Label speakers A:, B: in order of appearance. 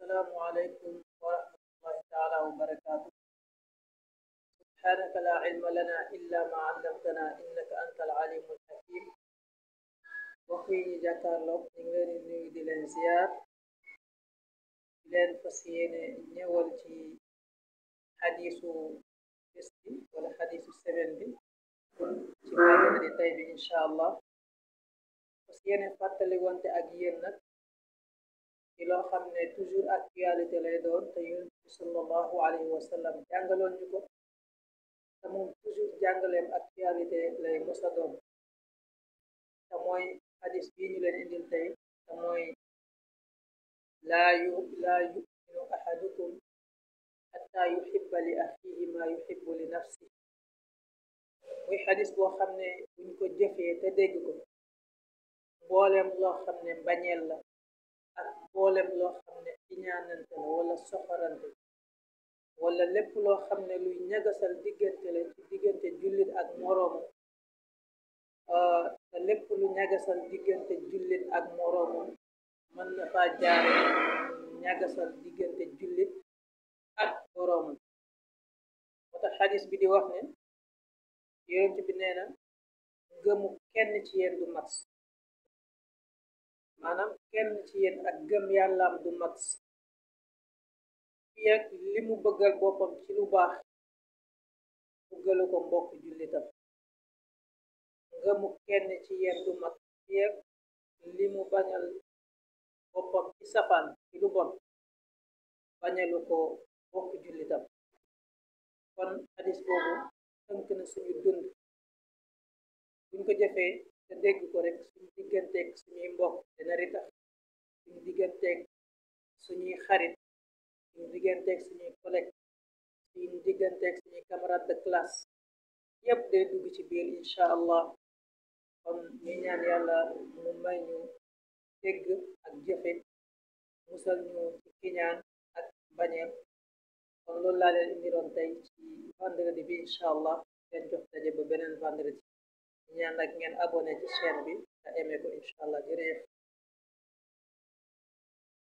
A: السلام عليكم ورحمة الله تعالى وبركاته سبحانك لا علم لنا إلا ما علمتنا إنك أنت العليم الحكيم وفي جاكار لوك نغير نيو دي لين زيار لين فسيين نيوال تي حديث بسي ولا حديث السبن بي تي بايدنا دي طيب إن شاء الله فسيين فاتلي وانت أجيين نك ila xam ne toujours actualité lay doon te yonent bi sallallahu alayhi wa sallam jàngaloon ñu ko te moom toujours jàngaleem actualité lay mosa doon te mooy hadis bii ñu leen indil tey te mooy laa yu laa yuminu ahadukum xatta yuhibba li axihi ma yuhibbu li nafsi muy hadis boo xam ne buñ ko jëfee te dégg ko mbooleem loo xam ne mbañeel la mboolem loo xam ne iñaanante la wala soxorante wala lépp loo xam ne luy ñagasal diggante la ci diggante jullit ak moroomu euh, te lépp lu ñagasal diggante jullit ak moroomu mën na faa jaare ñagasal diggante jullit ak moroomu moo xadis bi di wax ne yonent bi nee na gëmu kenn ci yéen du mat anam kenn ci yéen ak gëm yàllaam du mat fii ak bëggal boppam ci lu baax bëggalu ko mbokk jullitam ngëmu kenn ci yéen du mat fii ak bañal boppam ci safaan ci lu bon bañalu ko mbokk jullitam kon hadis na suñu dund buñ ko te dégg ko rek suñu mbokk la ritax suñu suñuy xarit suñu digganteeg suñuy collègue suñu digganteeg suñuy camarade de classe yépp day dugg ci biir incha allah kon ñu ñaan yàlla mu may ñu dégg ak jëfe musal ñu ci kiñaan ak bañeel kon loolu laa leen indiroon tey ci vendredi bi incha allah leen jox daje ba beneen vendredi ñu ñaan nag ngeen abonné ci chaîne bi te aimé ko incha allah jërëjëf